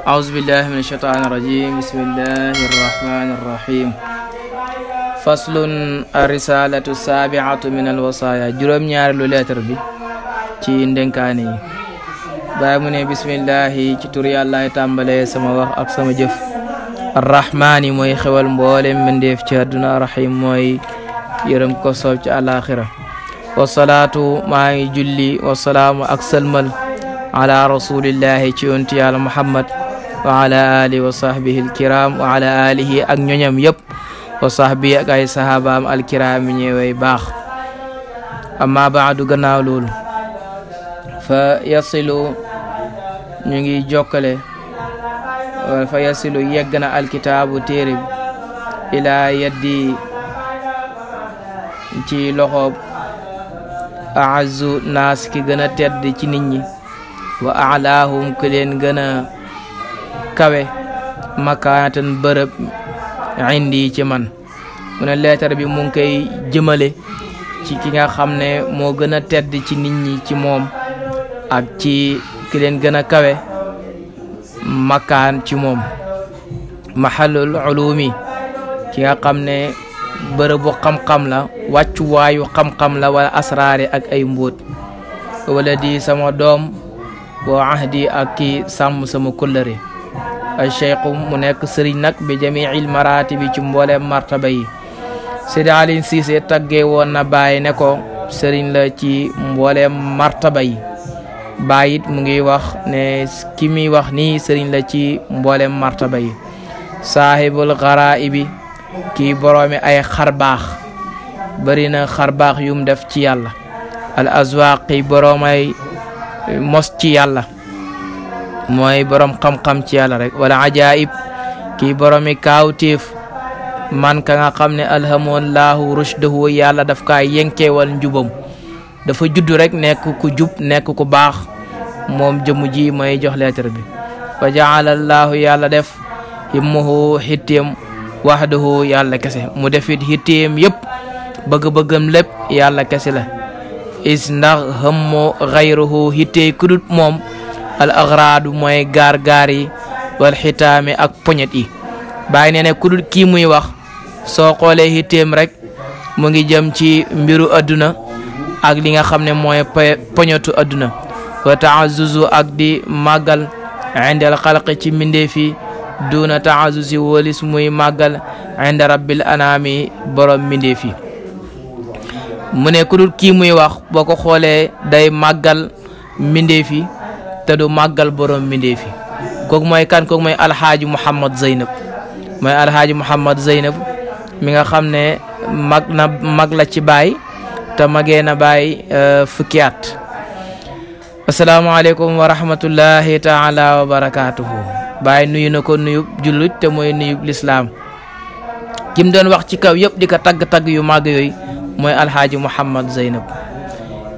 أعوذ بالله من الشيطان الرجيم بسم الله الرحمن الرحيم فصل الرسالة السابعة من الوصايا جرم نيار لولاتر بي تي ندنكاني باي من بسم الله تي الله تامبالي سما واخ اك سما جيف الرحمن موي خوال مبولم من ديف تي ادنا رحيم موي يرم كو سوب تي الاخره والصلاه ما جولي والسلام اك سلمل على رسول الله تي انت محمد wa ala alihi wa sahbihi alkiram ak ñoñam yëpp wa sahbihi ak ay sahabaam alkiram yi ñëwey baax amma baadu gannaaw loolu fa yasilu ñu ngi jokkale wala fa yasilu yegg alkitaabu téere bi ila ci loxoob aazu naas ki gën a tedd ci nit wa alaahum ki leen kawe makanatan bërëb indi ci man mune lettre bi mu ngi jëmele ci ki nga xamne mo gëna tedd ci nit ñi ci mom ak ci ki leen gëna kawe makan ci mom mahallul ulumi ki nga xamne ne bërëbu xam-xam la waccu wayu xam-xam la wala asrar ak ay mbot waladi sama dom wa ahdi ak ki sama kullëre cheikhu mu nekk sëriñ nag bi jamiil maraati bi ci mbooleem martaba yi Sidi Alioune Cissé taggee woon na Baye ne ko sëriñ la ci mbooleem martaba yi bayit mu ngi wax ne ki muy wax nii sëriñ la ci mbooleem martaba yi saahibul garaibi kii boroomi ay xarbaax bari na xarbaax yum def ci yàlla al azwaqi boroomay mos ci yàlla mooy borom xam-xam ci yàlla rek wala ajaayib kii boromi kaawteef man ka nga xam ne alhamoon laahu rushdahu yàlla def daf kaa wal njubam dafa judd rek nekk ku jub nekk ku baax moom jëmu ji may jox lettre bi fa jaala yàlla def himmuhu xitteem waxdahu yàlla kese mu defit xitteem yëpp bëgg-bëggam lépp yàlla kese la is ndax hëmmo xayruhu xittee kudut moom al axraadu mooy gaar-gaar yi ak poñet yi bàyyi nee ne ku kii muy wax soo xoolee xitteem rek mu ngi jëm ci mbiru adduna ak li nga xam ne mooy poñetu adduna wa taazuzu ak di màggal indal xalqi ci mbindeef yi duuna taazuzi wóolis muy màggal inda rabbil anaami borom mbindeef mu ne ku kii muy wax boo ko xoolee day màggal mbindeef te du màggal borom mindee fi kooku mooy kan kooku mooy alxaaji Mouhamad Zeynab mooy alxaaji Mouhamad Zeynab mi nga xam ne mag na mag la ci baay te magee na baay euh, fukki at asalaamaaleykum wa rahmatullahi taala wa baay nuyu na ko nuyub jullit te mooy nuyub lislaam ki doon wax ci kaw yëpp di ko tagg-tagg yu màgg yooyu mooy alxaaji Mouhamad Zeynab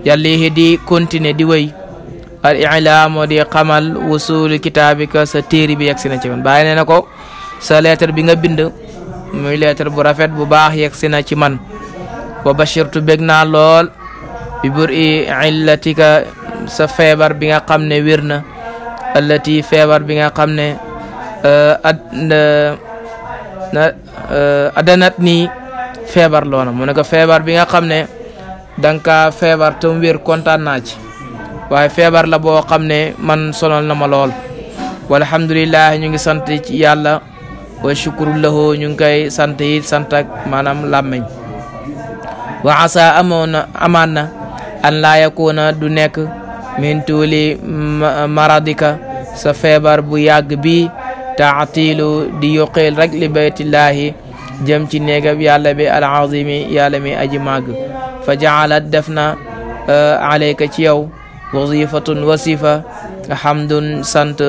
yàlla di continuer di wéy al ilaa moo di xamal wusuuli kitaabika sa téere bi yegsi na ci man bàyyi nee na ko sa lettre bi nga bind muy lettre bu rafet bu baax yegsi na ci man wa bashirtu bég lool bi bur i illatika sa feebar bi nga xam ne wér na allati feebar bi nga xam ne euh, euh, adanat nii feebar loona mu ne ko feebar bi nga xam ne danga kaa feebar tam wér kontaan naa ci waaye feebar la boo xam ne man sonal na ma lool walhamdulilah ñu ngi sant ci yàlla wa shukuru lahu ñu ngi koy sant yi sant ak maanaam làmmiñ wa asa amoon na amaan na an laa yakuuna du nekk min tuuli maradika sa feebar bu yàgg bi taatilu di yuqil rek li baytillaahi jëm ci néegab yàlla bi alazimi yàlla mi aji màgg fa jaalat def na euh, aleyka ci yow وظيفة وصفة حمد سنت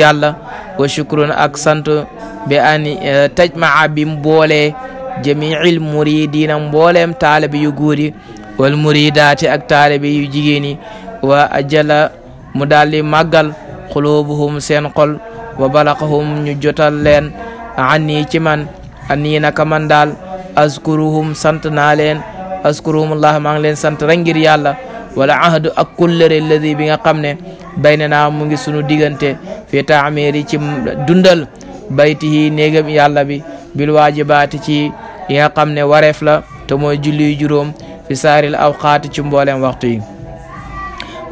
يالا وشكر أك سنت بأني آه، تجمع بيم بولي جميع المريدين بولم طالب يغوري والمريدات أك طالب يجيني وأجل مدال مغل قلوبهم سنقل وبلقهم نجوتال لين عني كمان أني نكمان دال أذكرهم سنتنا لين أذكرهم الله مانلين سنت رنجر يالا wala ahdu ak kullëre bi nga xam ne bayna naa mu ngi sunu diggante fi taameeri ci dundal baytihi néegam yàlla bi bil waajibaati ci yi nga xam ne wareef la te mooy julli juróom fi saaril awqaati ci mboolem waxtu yi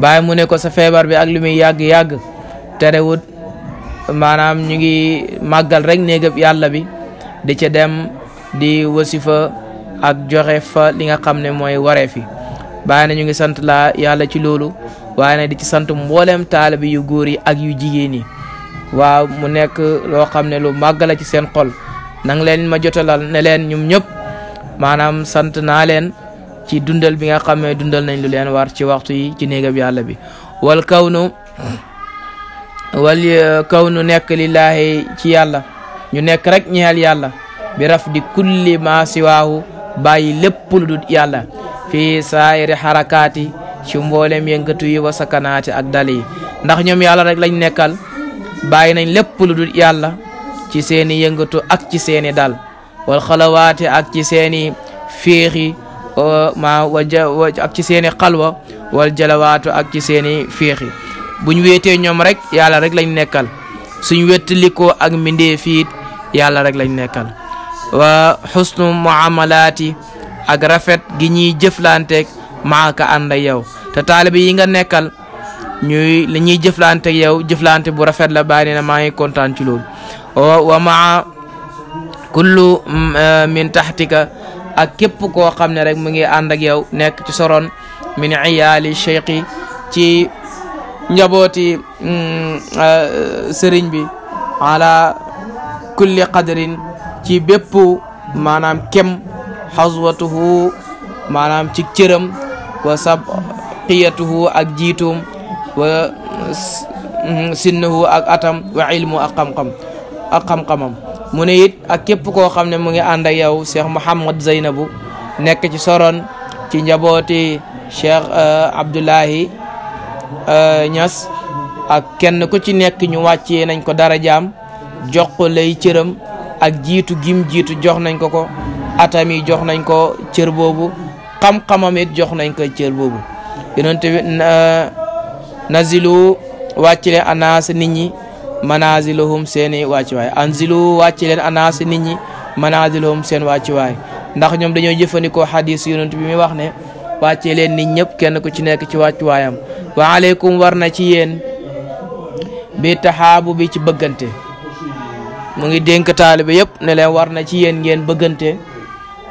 bàyyi mu ne ko sa feebar bi ak lu muy yàgg-yàgg terewut maanaam ñu ngi màggal rek néegam yàlla bi di ca dem di wasifa ak joxe fa li nga xam ne mooy wareefi bàyyi na ñu ngi sant laa yàlla ci loolu waaye nag di ci sant mbooleem bi yu góor yi ak yu jigéen yi waaw mu nekk loo xam ne lu màgg la ci seen xol nang leen ma jotolal ne leen ñum ñëpp maanaam sant naa leen ci dundal bi nga xam ne dundal nañ lu leen war ci waxtu yi ci néegab yàlla bi wal kawnu wal kawnu nekk lillaahi ci yàlla ñu nekk rek ñeel yàlla bi raf di kulli maa siwaahu bàyyi lépp lu dut yàlla fii saayiri xarakaati ci mboolem yëngatu yi wa sakanaati ak dal yi ndax ñoom yàlla rek lañ nekkal bàyyi nañ lépp lu dul yàlla ci seeni yëngatu ak ci seeni dal wal xalawaati ak ci seeni féexi ma ak ci seeni xalwa wal jalawaatu ak ci seeni féexi buñ wéetee ñoom rek yàlla rek lañ nekkal suñ wettalikoo ak mbindee fiit yàlla rek lañ nekkal wa xusnu muamalaati ak rafet gi ñuy jëflanteeg maaka ànd ak yow te taalibe yi nga nekkal ñuy li ñuy jëflanteeg yow jëflante bu rafet la bàyyi na maa ngi kontaan ci loolu wa maa kullu mm, eh, min taxtika ak képp koo xam ne rek mu ngi ànd ak yow nekk ci soron min iyaali cheikhi ci njabooti mm, eh, sëriñ bi ala kulli qadrin ci bépp maanaam kem xaswatuhu maanaam ci cëram wa sabqiyatuhu ak jiitum wa mhm, sinnahu ak atam wa ilmu ak xam-xam ak xam-xamam mu ne it ak képp koo xam ne mu ngi ànd ak yow cheikh mouhamad zeynabu nekk ci soron ci njabooti cheikh euh, abdoulahi ñas euh, ak kenn ku ci nekk ñu wàccee nañ ko dara jaam jox lay cëram ak jiitu gim jiitu jox nañ ko ko atami jox nañ ko cër boobu xam-xamam it jox nañ ko cër boobu yonente bi nazilu wàcc leen anaas nit ñi manaziluhum seeni wàccuwaay anzilu wàcc leen anaas nit ñi manaziluhum seen wàccuwaay ndax ñoom dañoo jëfandikoo xadis yonent bi mi wax ne wàccee leen nit ñëpp kenn ku ci nekk ci wàccuwaayam wa aleykum war na ci yéen bi taxaabu bi ci bëggante mu ngi dénk taalibe yëpp ne leen war na ci yéen ngeen bëggante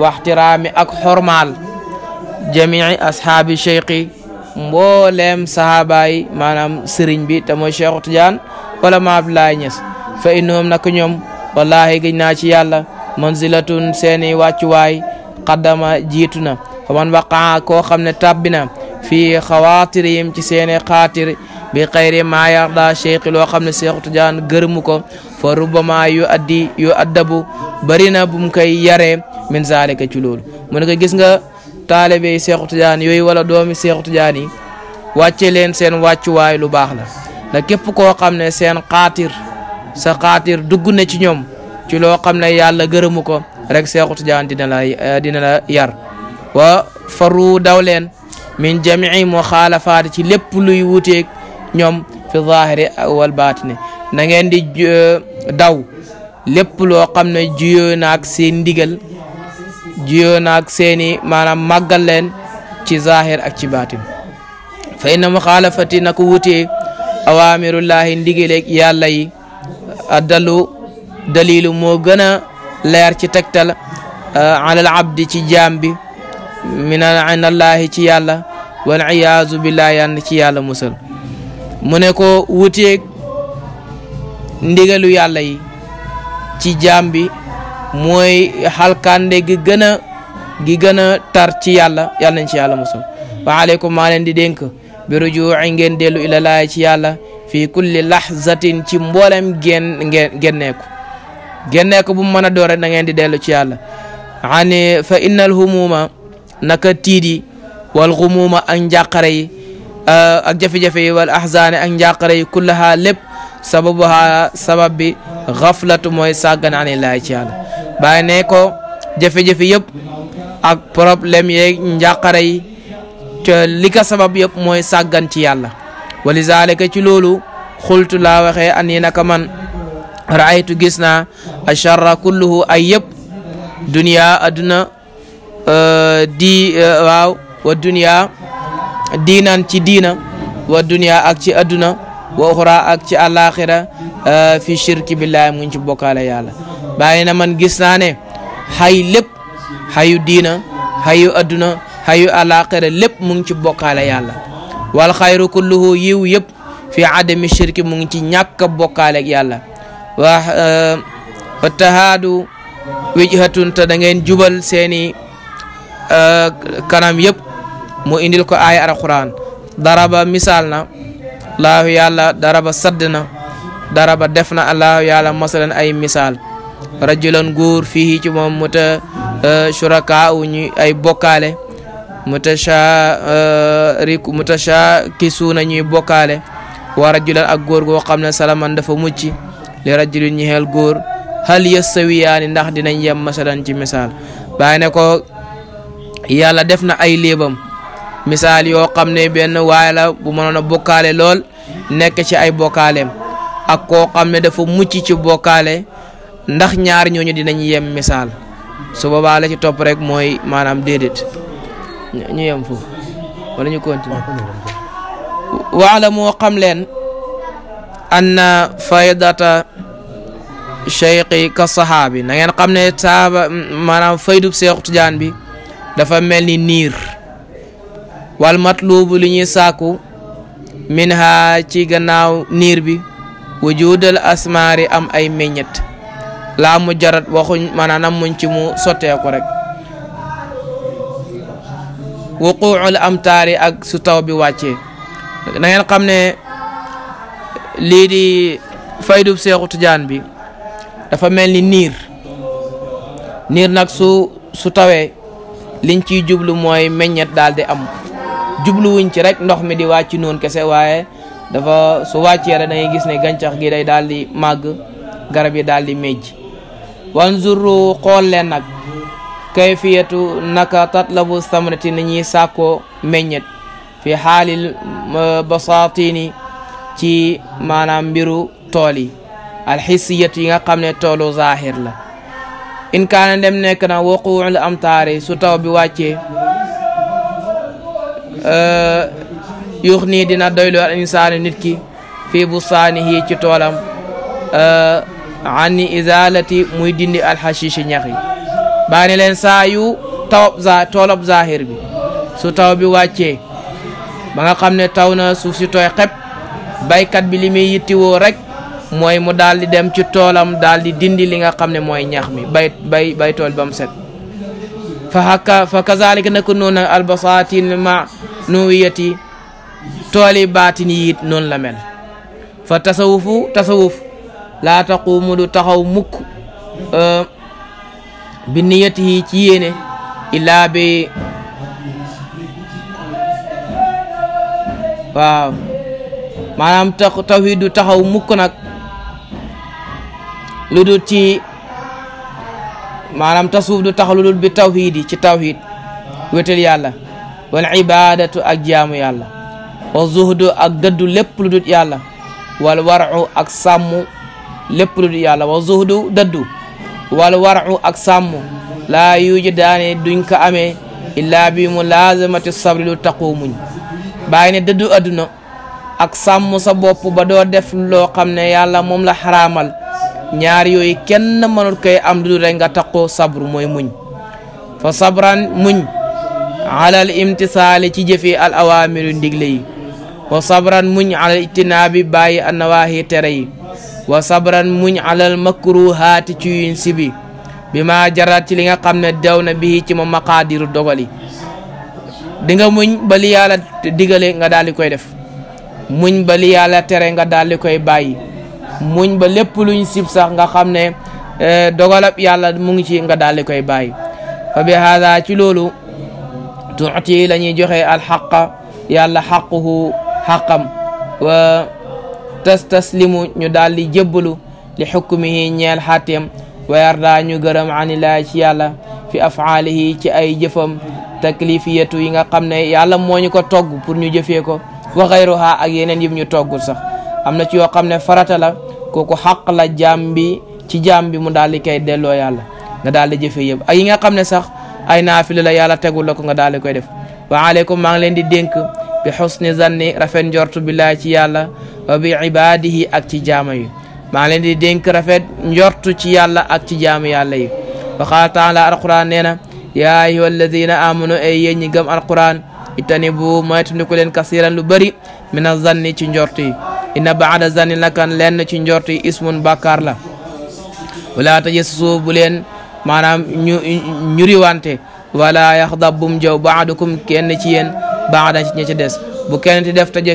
waxtiraami ak xormaal jamii ashaabi cheikhi mbooleem sahaaba yi maanaam sëriñ bi te mooy Cheikhu Tidiane wala ma Abdoulaye Niass fa innahum nak ñoom wallahi gëj naa ci yàlla manzilatun seeni wàccuwaay qaddama jiitu na fa man waqaa koo xam ne tàbbi na fii xawaatirihim ci seeni xaatir bi xayri maa yarda cheikh loo xam ne cheikh Tidiane gërëmu ko fa rubama yu addi yu addabu bëri na bu mu koy yaree min zalika ci loolu mu ne gis nga taalibe cheikh jaan yooyu wala doomi cheikh Tidiane yi wàcce leen seen wàccuwaay lu baax la da képp koo xam ne seen xaatir sa xaatir dugg na ci ñoom ci loo xam ne yàlla gërëmu ko rek Seexu Tijaan dina la dina la yar wa faru daw leen min jamii muxaalafaat ci lépp luy wuteeg ñoom fi zaahiri wal baatini na ngeen di eh, daw lépp loo xam ne juyoo naag seen ndigal juyoo naag seeni maanaam màggal leen ci zaahir ak ci baatin fa inna muxaalafati na ko wutee awaamirullahi ndigaleeg yàlla yi addalu dalilu moo gën a leer ci tegtal eh, alal ci jaam bi min ci yàlla wal iyaazu billahi yàlla ci yàlla musal mu ne ko wuteeg ndigalu yàlla yi ci jaam bi mooy xalkande gi gën a gi gën a tar ci yàlla yàlla nañ ci yàlla musal wa aleykum maa leen di dénk bi rujuuci ngeen dellu ila laay ci yàlla fii kulli lahzatin ci mboolem génn ngeen génneeku génneeku bu mu mën a doore na ngeen di dellu ci yàlla ani fa innal humuuma naka tiidi wal xumuuma ak njàqare yi Euh, ak jafe-jafe yi wal ahzaane ak njàqare yi kullaha lépp sababuha sabab bi xaflatu mooy sàggan anilaahi ci yàlla bàyyi ne ko jafe-jafe yëpp ak problème yeeg njàqare yi te li ko sabab yëpp mooy sàggan ci yàlla wa lizalika ci loolu xultu laa waxee ani naka man raaytu gis naa acharra kulluhu ay yëpp duniya adduna euh, di euh, waaw wa duniya diinan ci diina wa duniya ak ci adduna wa uxra ak ci àllaaxira eh, fi shirki billahi mu ngi ci bokkaale yàlla bàyyi na man gis naa ne xay lépp diina xayu adduna xayu àllaaxira lépp mu ngi ci bokkaale yàlla wal xayru kulluhu yiw yëpp fi adami shirki mu ngi ci ñàkk a bokkaale yàlla wa eh, wa tahaadu wijhatun te da jubal seeni eh, kanam yëpp mu indil ko aaya dara ba misaal na laahu yàlla ba sadd na dara ba def na allahu yàlla masalan ay misaal rajulan góor fii ci moom mu ta e, shuraka u ñu ay bokkaale mutasharik e, mutashakisuuna ñuy bokkaale wa rajulan ak góor goo xam ne salaman dafa mucc li rajulin ñi xel góor hal yastawiyaani ndax dinañ yem masalan ci misaal bàyyi ne ko yàlla def na ay léebam misaal yoo xam ne benn waay bu mënoon a bokkaale lool nekk ci ay bokkaaleem ak koo xam ne dafa mucc ci bokkaale ndax ñaar ñooñu dinañ yem misaal su boobaa la ci top rek mooy maanaam déedéet ñu yem foofu wala ñu continuer waala moo xam leen anna faydata cheyqi ka sahaabi na ngeen xam ne saaba maanaam faydub seexu tijaan bi dafa mel ni niir wal matluubu li ñuy sàkku min ha ci gannaaw niir bi wujudal asmaari am ay meññet laa mu jarat waxuñ maanaam muñ ci mu sotteeku rek wuquul amtaari ak su taw bi wàccee na ngeen ne lii di faydub seexu tijaan bi dafa mel ni niir niir nag su su tawee liñ ciy jublu mooy meññet daal di am jubluwuñ ci rek ndox mi di wàcc noonu kese waaye dafa su wàccee rek da gis ne gàncax gi day daal di màgg garab yi daal di mejj wanzuru xool leen nag kayfiyatu naka tatlabu samrati ni ñuy saako meññet fi xaalil basaatini ci maanaam mbiru tool yi alxisiyat yi nga xam ne toolu zaahir la in kaana dem nekk na waquul amtaari su taw bi wàccee Euh, yuux nii dina doylu al insaanu nit ki fii bustaanihi ci toolam euh, ani izalati muy dindi alxashishi ñax yi baa leen saa yu tawab za toolab zahir bi su taw bi wàccee ba nga xam ne taw na suuf si tooy xepp baykat bi li muy yittiwoo rek mooy mu daal di dem ci toolam daal di dindi li nga xam ne mooy ñax mi bay bay bay tool set fa haka fa kazalika nako albasatin ma nuwiyat yi tooli baatin yi it noonu la mel fa tasawufu tasawuf laa taquumu du taxaw mukk euh, bi niyati yi ci yéene illaa bi waaw maanaam tax tawhid du taxaw mukk nag lu dul ci maanaam tasawuf du taxaw lu dul bi tawhid ci tawhid wétal yàlla wal ibaadatu ak jaamu yàlla wa zuhdu ak dëddu lépp lu dut yàlla wal waru ak sàmm lépp lu dut yàlla wa zuhdu dëddu wal waru ak sàmm laa yuuji daane duñ ko amee illaa bi mu laazamati sabri lu taqu muñ bàyyi ne dëddu adduna ak sàmm sa bopp ba doo def loo xam ne yàlla moom la xaraamal ñaar yooyu kenn mënul koy am lu dul rek nga sabru mooy muñ fa sabran muñ alal imtisaali ci jëfe al awaamiru ndigle yi wa sabran muñ alal ijtinaabi bàyyi annawaahi tere yi wa sabran muñ alal makruhaati ci yuñ sibi bi maa jarat ci li nga xam ne daw na bii ci ma maqaadiru dogali di nga muñ ba li digale nga daal di koy def muñ ba li yàlla tere nga daal koy bàyyi muñ ba lépp luñ sib sax nga xam ne eh, dogalab yàlla mu ngi ci nga daal di koy bàyyi fa bi haada ci loolu tuuti la ñuy joxe alxaqa yàlla xaquhu xaqam wa tastaslimu ñu daal di jébbalu li xukmihi ñeel xàtteem wa yarda ñu gërëm anilaa ci yàlla fi afaalihi ci ay jëfam taklifiyatu yi nga xam ne yàlla moo ñu ko togg pour ñu jëfee ko wa xayruha ak yeneen yim ñu toggul sax am na ci yoo xam ne farata la kooku xaq la jaam ci jaam bi mu daal di koy delloo yàlla nga daal di jëfee yëpp ak yi nga xam sax ay naafila la yàlla tegul ko nga daal koy def wa aleykum maa ngi leen di dénk bi xusni zanni rafet njortu billaahi ci yàlla wa bi ibaadihi ak ci jaama yi maa ngi leen di dénk rafet njortu ci yàlla ak ci jaamu yàlla yi wa qaala taala alquran nee na yaa ayyuha alladina amanu ay yéen ñi gëm alquran itanibu moytandiku leen kasiran lu bëri mina zanni ci njort yi inna baada zanni nakan lenn ci njort yi ismun la wala tajassasu bu leen maanaam ñu ñuriwante wala yaxdab bum jaw baadukum kenn ci yéen baada ci ña ci des bu kenn ti def taja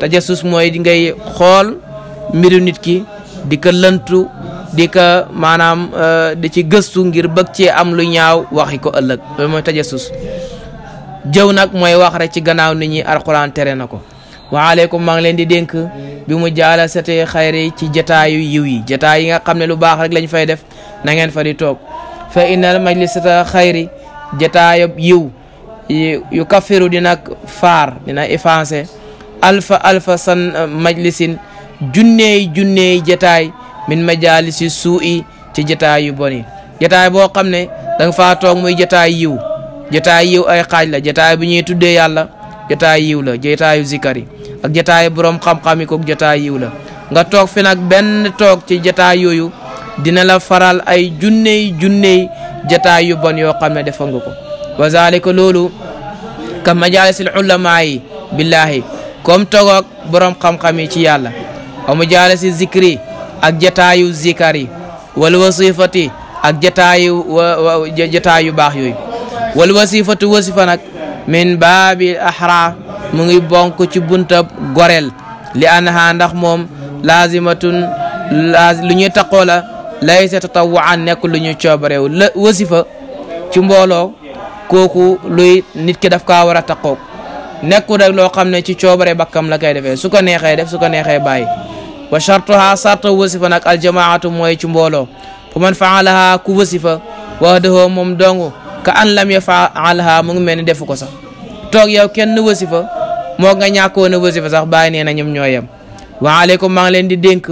tajassus mooy di ngay xool mbiru nit ki di ko lëntu di ko maanaam euh, di ci gëstu ngir bëgg cee am lu ñaaw waxi ko ëllëg loolu mooy tajassus jëw nag mooy wax rek ci gannaaw nit ñi alquran tere na ko waaleykum maa ngi leen di dénk bi mu jaala sate xayri ci jataayu yiw yi jataay yi nga xam ne lu baax rek lañ fay def na ngeen fa di toog fa innal majlisata xayri jataayu yiw yu kafiru dina faar dina effacé alfa alfa san majlisin junneey junneey jataay min majalisi suu'i ci jataay yu bon yi boo xam ne da nga faa toog muy jataay yiw jataay yiw ay xaaj la jataay bu ñuy tuddee yàlla jotaay yiw la jotaayu zikkar ak jotaayu borom xam-xam yi kook jotaay yiw la nga toog fi nag benn toog ci jotaay yooyu dina la faral ay junney junney jotaay yu bon yoo xam ne defa ko wa zalika loolu ka majalisil ulamaa yi billaahi comme togoog borom xam-xam yi ci yàlla wa majalisi zikri ak jotaayu zikkar yi wal wasifati ak jotaayu baax yooyu wal wasifatu wasifa nag min baabi ahra mu ngi bonk ci buntab gorel li anha ndax moom laazimatun lu ñuy taqoo la laysa tatawuan nekk lu ñu coobareew la wasifa ci mbooloo kooku luy nit ki daf ka war a taqoog nekkul rek loo xam ne ci coobare bakkam la koy defee su ko neexee def su ko neexee bàyyi wa chartuha sarta wasifa nag aljamaatu mooy ci mbooloo fa man faalaha ku wasifa wax dëhoo moom dongu ka an lam yafaalha mu ngi mel ni defu ko sax toog yow kenn wasifa moo nga ñàkkoon a wasifa sax bàyyi nee na ñoom ñoo yem wa aleykum maa ngi leen di dénk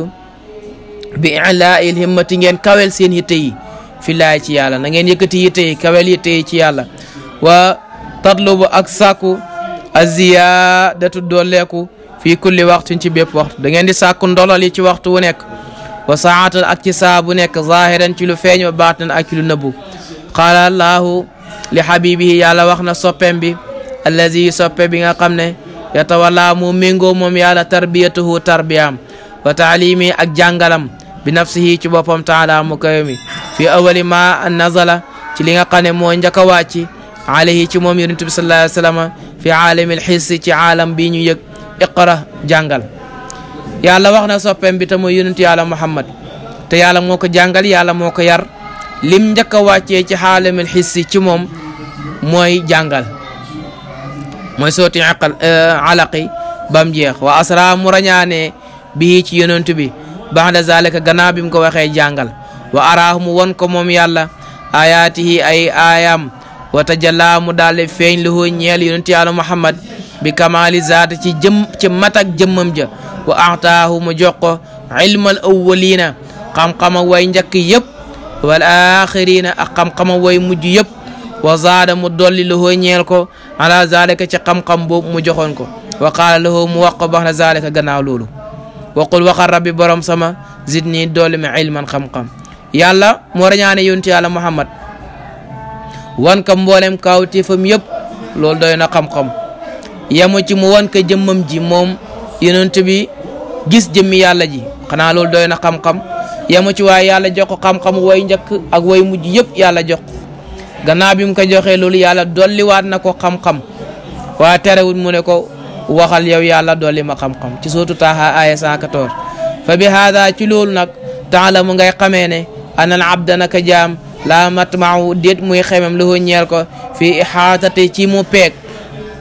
bi ilail himmati ngeen kawel seen yitte yi fi laay ci yàlla na ngeen yëkkati yitte yi kawel yitte yi ci yàlla wa tatlubu ak sàkku aziyadatu dooleeku fii kulli waxtu ci bépp waxtu da di sàkku ndolol yi ci waxtu wu nekk wa saatan ak ci saa nekk zahiran ci lu feeñ wa baatan ak ci lu nëbbu qaala allaahu li xabibihi yàlla wax na soppem bi allazi soppe bi nga xam ne yatawallaa mu méngoo moom yàlla tarbiyatuhu tarbiyaam wa taalimi ak jàngalam bi nafsihi ci boppam taala mu kawe mi fi awali ma nazala ci li nga xam ne moo njëkk a wàcc alayhi ci moom yonent bi sallallahu alayhi wa sallam fi aalami lxissi ci aalam bii ñu yëg iqra jàngal yàlla wax na soppem bi te mooy yonent yàlla muhammad te yàlla moo ko jàngal yàlla moo ko yar lim njëkk waccé ci ci al hissi ci mom moy jàngal moy soti aqal alaqi bam jeex wa asra mu rañaane ci yonent bi baxda zalika gannaaw bi ko waxé jàngal wa arahum won ko mom yàlla ayatihi ay aayam wa tajalla mu dal feñ lu ñeel yonent yàlla muhammad bi kamaali zaata ci jëm ci mat ak ja wa aataahu mu ilmal awwalina xam-xama way yëpp wal axirina ak xam-xamam way mujj yëpp wa zaada mu dolli lahoo ñeel ko ala zalika ci xam-xam boobu mu joxoon ko wa qaala lahoo mu wax ko bax na zalika gannaaw loolu waqul waxal rabbi boroom sama zidni dolli ma ilman xam-xam yàlla moo rañaane yonent yàlla muhammad wan ka mboolem kaawteefam yëpp lool doy na xam-xam yemu ci mu wan ka jëmmam ji moom yonent bi gis jëmmi yàlla ji xanaa loolu doy na yamu ci waaye yàlla jox ko xam-xamu way njëkk ak way mujj yëpp yàlla jox ko gannaaw bi mu ko joxee loolu yàlla dolliwaat na ko xam-xam waa terewul mu ne ko waxal yow yàlla dolli ma xam-xam ci sootu taaha aaya 114 fa bi haada ci loolu nag taala mu ngay xamee ne anal abda naka jaam laa matmaaw déet muy xemem lu ñeel ko fii ixaatati ci mu peeg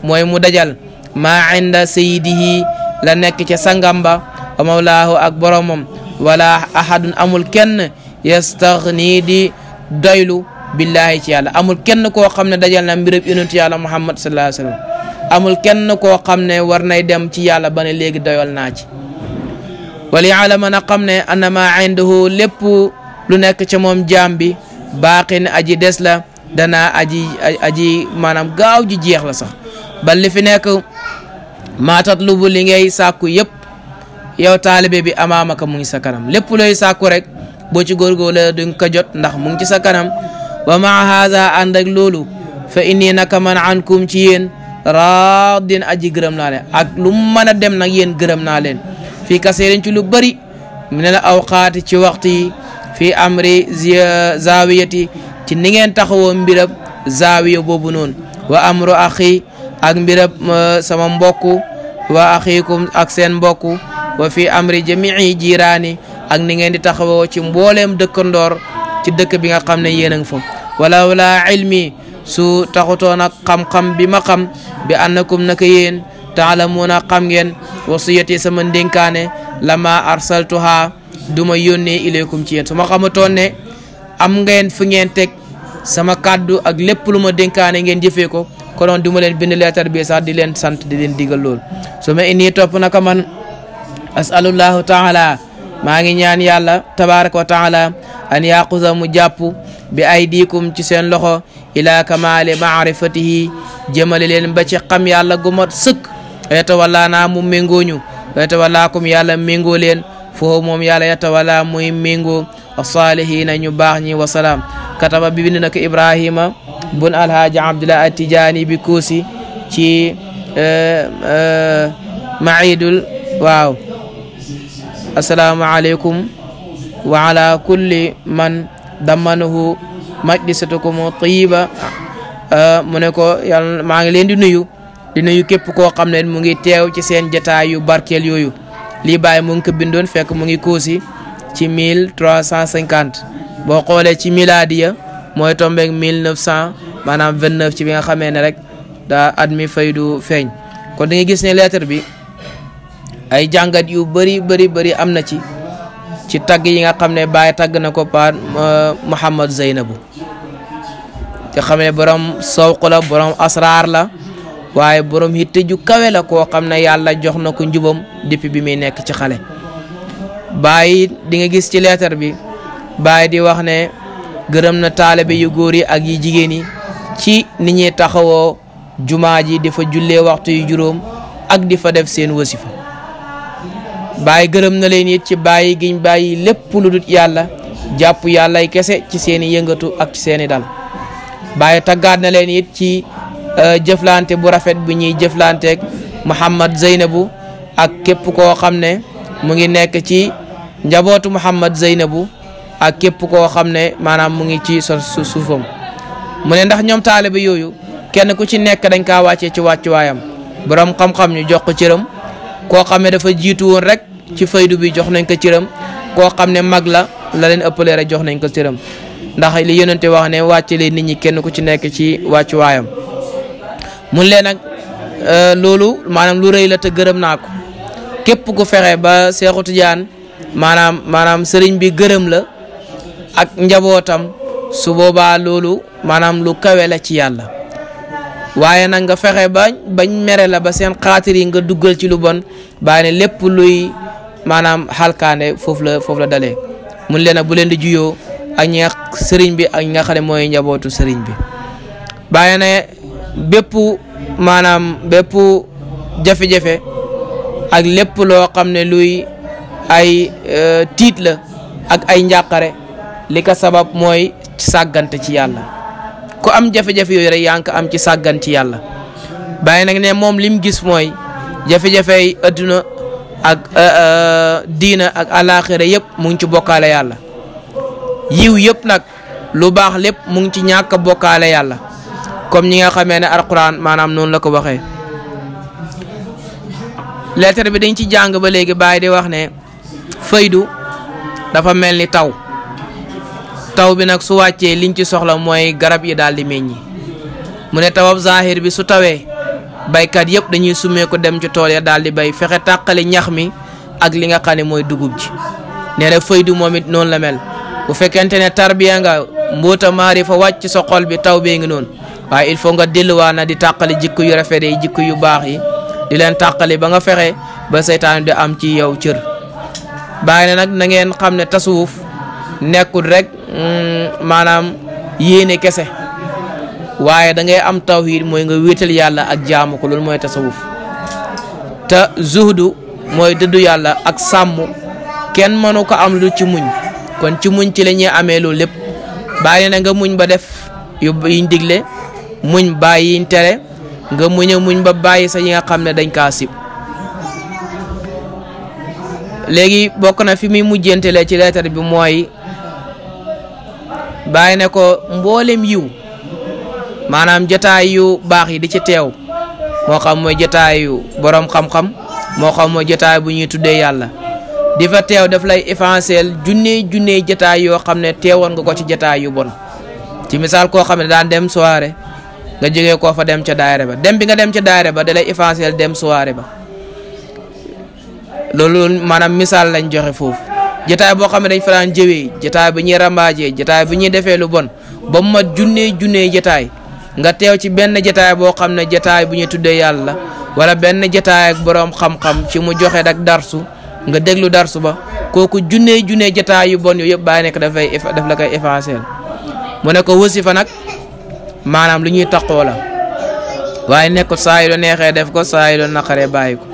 mooy mu dajal maa inda sayidihi la nekk ca sangamba wa mawlaahu ak boromam wala ahadun amul kenn yastaxni di doylu billahi ci yàlla amul kenn koo xam ne dajal na mbirëb yonentu yàlla muhammad sallallahu alayhi amul kenn koo xam ne war nay dem ci yàlla ba ne léegi doyal naa ci wala yàlla mën a xam ne annama lépp lu nekk ca moom jaam bi baaqin aji des la danaa aji maanaam gaaw ji jeex la sax ba li fi nekk maatat lu bu li ngay yëpp yow taalibe bi amaamaka mu ngi sa kanam lépp looy sàkku rek boo ci góorgóorlu duñ ko jot ndax mu ngi ci sa kanam wa maa haada ànd ak loolu fa inni naka man ankum ci yéen raadin aji gërëm naa leen ak lu mën a dem nag yéen gërëm naa leen fii kaseerin ci lu bëri mu ne la awqaati ci waxtu yi fii amri zaawiyati ci ni ngeen taxawoo mbirab zaawiya boobu noonu wa amru axi ak birab sama mbokk wa axiikum ak seen mbokku wa fi amri jamii jiraani ak ni ngeen di taxawoo ci mbooleem dëkkandoor ci dëkk bi nga xam ne yéen a ngi fa walaw laa ilmi su taxutoon ak xam-xam bi ma xam bi annakum naka yéen taalamuuna xam ngeen wasiyati sama ndénkaane lama arsaltuha duma yónnee ilaykum ci yéen su ma xamatoon ne am ngeen fu ngeen teg sama kaddu ak lépp lu ma dénkaane ngeen jëfee ko konoon du ma leen bind leetar bi sax di leen sant di leen digal lool su ma inni topp naka man asalullahu taala maa ngi ñaan yàlla tabaraka wa taala an yaqusa mu jàpp bi aydikum ci seen loxo ila kamaali maarifatihi jëmale leen ba ci xam yàlla gu mat sëkk yatawalla naa mu méngooñu yatawallaakum yàlla méngoo leen foofu moom yàlla yatawalla muy méngoo asaalihina ñu baax ñi wasalaam kataba bi bind na ko ibrahima bun alhaaji abdullah atijaani bi kuusi ci eh, eh, maidul waaw assalaamu aleykum wa ala kulli man dammanahu majlisatukum tayiba uh, mu ne ko yàlla maa ngi leen di nuyu di nuyu képp koo xam ne mu ngi teew ci seen jataay yu barkeel yooyu lii bàyyi mu ngi ko bindoon fekk mu ngi koosi ci mille trois cent cinquante boo xoolee ci milaadiya mooy tombeeg mille neuf cent maanaam vingt neuf ci bi nga xamee ne rek daa at mi faydu feeñ kon da gis ne lettre bi ay jàngat yu bëri bari bari am na ci ci tagg yi nga xam ne Baay tagg na ko pa Muhammad Zeynabu te xam ne borom sawq la borom asraar la waaye borom hitte ju kawe la koo xam ne yàlla jox na ko njubam depuis bi muy nekk ci xale bay di gis ci leetar bi Baay di wax ne gërëm na taalibe yu góor yi ak yi jigéen yi ci ni ñuy taxawoo jumaa ji di fa jullee waxtu yi juróom ak di fa def seen wasifa bàyyi gërëm na leen it ci bàyyi giñ bàyyi lépp lu dut yàlla jàpp yàlla yàllay kese ci seen i yëngatu ak ci seen i dal bàyyi taggaat na leen it ci euh, jëflante bu rafet bu ñuy jëflanteeg Muhammad Zeynabu ak képp koo xam ne mu ngi nekk ci njabootu Muhammad Zeynabu ak képp koo xam ne maanaam mu ngi ci sa suufam mu ne ndax ñoom taaliba yooyu kenn ku ci nekk dañ kaa wàccee ci wàccuwaayam borom xam-xam ñu jox ko xam ne dafa jiitu rek ci faydu bi jox nañ ko cëram koo xam ne mag la la leen ëppalee rek jox nañ ko cëram ndax li te wax ne wàcce leen nit ñi kenn ku ci nekk ci wàccu waayam mun leen nag euh, loolu maanaam lu rëy la te gërëm naa ko képp ku fexe ba Seexu Tijaan maanaam maanaam sëriñ bi gërëm la ak njabootam su boobaa loolu maanaam lu kawe la ci yàlla waaye nag fexe ba mere la ba seen xaatir nga duggal ci lu bon bàyyi ne luy maanaam xalkaane foofu la foofu la mu mun leen a bu leen di juyoo ak ñi sëriñ bi ak ñi nga xam ne mooy njabootu sëriñ bi bàyyi ne bépp maanaam bépp jafe-jafe ak lépp loo xam ne luy ay euh, tiit la ak ay njàqare li ko sabab mooy sàggante ci yàlla ku am jafe-jafe yooyu rek yaa am ci sàggan ci yàlla bàyyi nag ne moom lim gis mooy jafe-jafe yi ak euh, euh, diina ak alaaxira yëpp mu ngi ci bokkaale yàlla yiw yëpp nag lu baax lépp mu ngi ci ñàkk bokkaale yàlla comme ñi nga xamee ne alquran maanaam noonu la ko waxee lettre bi dañ ci jàng ba léegi bàyyi di wax ne faydu dafa mel ni taw taw bi nag su wàccee liñ ci soxla mooy garab yi daal di meññi mu ne tawab zahir bi su tawee baykat yëpp dañuy summeeku dem ci tool ya daal di bay fexe tàqale ñax mi ak li nga xam ne mooy dugub ji nee na faydu moom it noonu la mel bu fekkente ne tarbiya nga mboota maarifa wàcc sa xol bi taw bee ngi noonu waaye il faut nga delluwaa na di tàqale jikko yu rafet yi jikk yu baax yi di leen tàqale ba nga fexe ba seytaan di am ci yow cër bàyyi na nag na ngeen xam ne tasuuf nekkul rek mm, maanaam yéene kese waaye da ngay am tawhid mooy nga wéetal yàlla ak jaamu ko loolu mooy tasawuf te zuhdu mooy dëddu yàlla ak sàmm kenn mënu ko am lu ci muñ kon ci muñ ci la amee loolu lépp bàyyi na nga muñ ba def yu yiñ muñ bàyyi tere nga muñ muñ ba bàyyi sa yi nga xam ne dañ kaa sib léegi bokk na fi muy mujjantelee ci leetar bi mooy bàyyi ne ko mboolem yiw maanaam jataay yu baax yi di ci teew moo xam mooy jataay boroom xam moo xam mooy jataay bu ñuy tuddee yàlla di fa teew def lay éffanceel junne junne jataay yoo xam ne teewoon nga ko ci jataay yu bon ci misaal koo xam ne daan dem soirée nga jógee koo fa dem ca daayira ba dem bi nga dem ca daayira ba da lay dem soirée ba loolu maanaam misaal lañ joxe foofu jataay boo xam ne dañ fa daan jëwee jataay bi ñuy rambaajee jataay bi ñuy defee lu bon ba mu mat junne junne jataay nga teew ci benn jataay boo xam ne jataay bu ñu tuddee yàlla wala benn jataay ak boroom xam-xam ci mu joxe dak darsu nga déglu darsu ba kooku junnee junnee jataay yu bon yooyu yëpp bàyyi nekk dafay daf la koy effacer mu ne ko wasifa nag maanaam lu ñuy taqoo la waaye nekk saa yu neexee def ko saa yu la naqaree bàyyi ko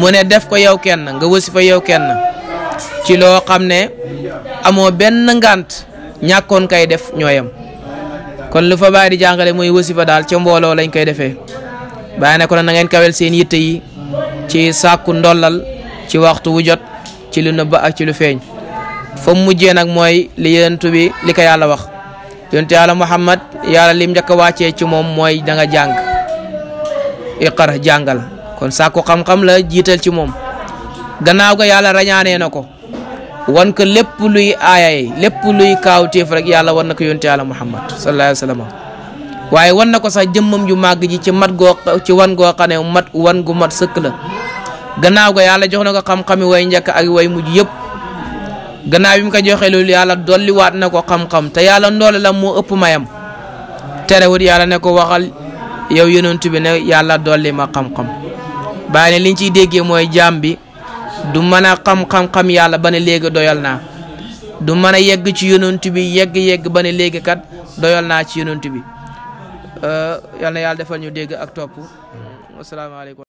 mu ne def ko yow kenn nga wasifa yow kenn ci loo xam ne amoo benn ngant ñàkkoon kay def ñooyam kon lu fa bàyyi di jàngale mooy wasifa daal ca mbooloo lañ koy defee bàyyi ne ko na ngeen kawel seen yitte yi ci sàkku ndollal ci waxtu wu jot ci lu nëbb ak ci lu feeñ fa mujjee nag mooy li yonent bi li ko yàlla wax yonent yàlla Muhammad yàlla lim njëkk a wàccee ci moom mooy da nga jàng iqara jàngal kon sàkku xam-xam la jiital ci moom gannaaw ga yàlla rañaanee na ko wan ko lépp luy aayay lépp luy kaawteef rek yàlla wan na ko yonte yàlla muhammad sallallahu alayhi wa sallam waaye wan na ko sax jëmmam ju màgg ji ci mat goo ci wan goo xam mat wan gu mat sëkk la gannaaw ga yàlla jox na ko xam-xami way njëkk ak way mujj yëpp ganaaw bi mu ko joxee loolu yàlla dolliwaat na ko xam-xam te yàlla ndoole la moo ëpp mayam terewut yàlla ne ko waxal yow yonent bi ne yàlla dolli ma xam-xam bàyyi ne liñ ciy déggee mooy jaam du mën a xam xam yàlla ba ne léegi doyal naa du mën a yegg ci yonent bi yegg-yegg ba ne léegi kat doyal naa ci yonent bi euh, yal na yàlla defal ñu dégg ak topp wasalaamaaleykum